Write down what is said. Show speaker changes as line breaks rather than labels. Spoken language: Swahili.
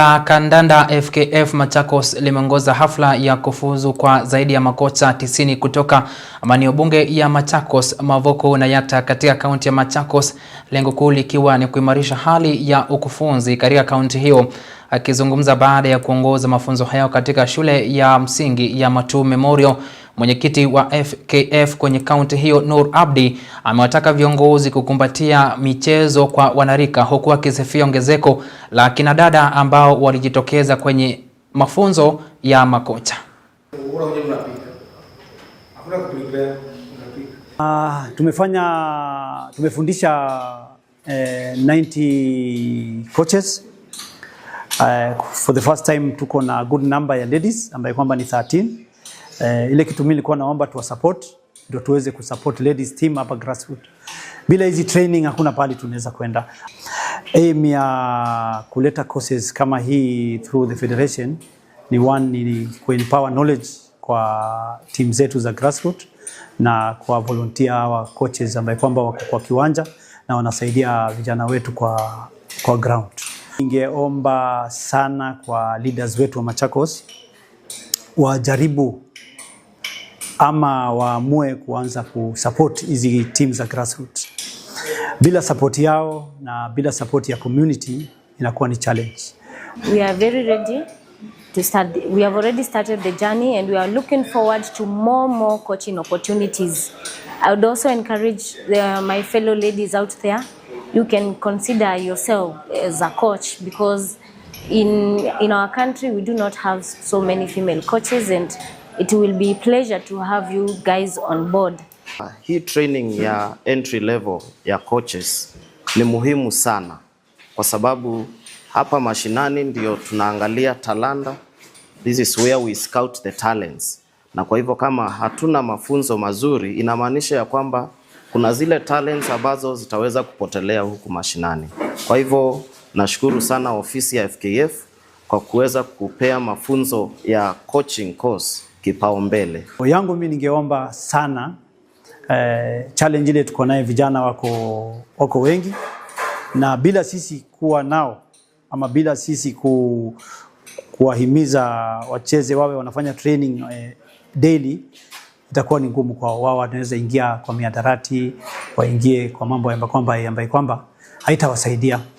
La kandanda FKF Machakos limeongoza hafla ya kufuzu kwa zaidi ya makocha 90 kutoka maeneo bunge ya Machakos, Mavoko na Yatta katika kaunti ya Machakos, lengo kuu likiwa ni kuimarisha hali ya ukufunzi katika kaunti hiyo. Akizungumza baada ya kuongoza mafunzo hayo katika shule ya msingi ya Matuu Memorial Mwenyekiti wa FKF kwenye kaunti hiyo Nur Abdi amewataka viongozi kukumbatia michezo kwa wanarika, huku akisifia ongezeko la kinadada ambao walijitokeza kwenye mafunzo ya makocha.
Uh, tumefanya tumefundisha eh, 90 coaches uh, for the first time tuko na good number ya ladies ambaye kwamba ni 13 Eh, ile kitu mimi nilikuwa naomba tuwa support ndio tuweze support ladies team hapa grassroots. Bila hizi training hakuna pali tunaweza kwenda. Aim ya kuleta courses kama hii through the federation ni one ni empower knowledge kwa team zetu za grassroots na kwa volunteer wa coaches ambao kwamba wako kwa kiwanja na wanasaidia vijana wetu kwa, kwa ground. Ningeomba sana kwa leaders wetu wa Machakos wajaribu ama waamue kuanza kusupport hizi team za grassroots. Bila support yao na bila support ya community inakuwa ni challenge.
We are very ready to start. We have already started the journey and we are looking forward to more more coaching opportunities. I would also encourage the, my fellow ladies out there, you can consider yourself as a coach because in in our country we do not have so many female coaches and it will be pleasure to have you guys on board.
Hii training ya entry level ya coaches ni muhimu sana kwa sababu hapa mashinani ndio tunaangalia talanta. This is where we scout the talents. Na kwa hivyo kama hatuna mafunzo mazuri, inamaanisha ya kwamba kuna zile talents ambazo zitaweza kupotelea huku mashinani. Kwa hivyo nashukuru sana ofisi ya FKF kwa kuweza kupea mafunzo ya coaching course kipaumbele.
Yangu mimi ningeomba sana eh, challenge ile tuko naye vijana wako, wako wengi na bila sisi kuwa nao ama bila sisi ku, kuwahimiza wacheze wawe wanafanya training eh, daily itakuwa ni ngumu kwao. Wao wanaweza ingia kwa miadarati waingie kwa mambo ambayo kwamba ambayo kwamba haitawasaidia.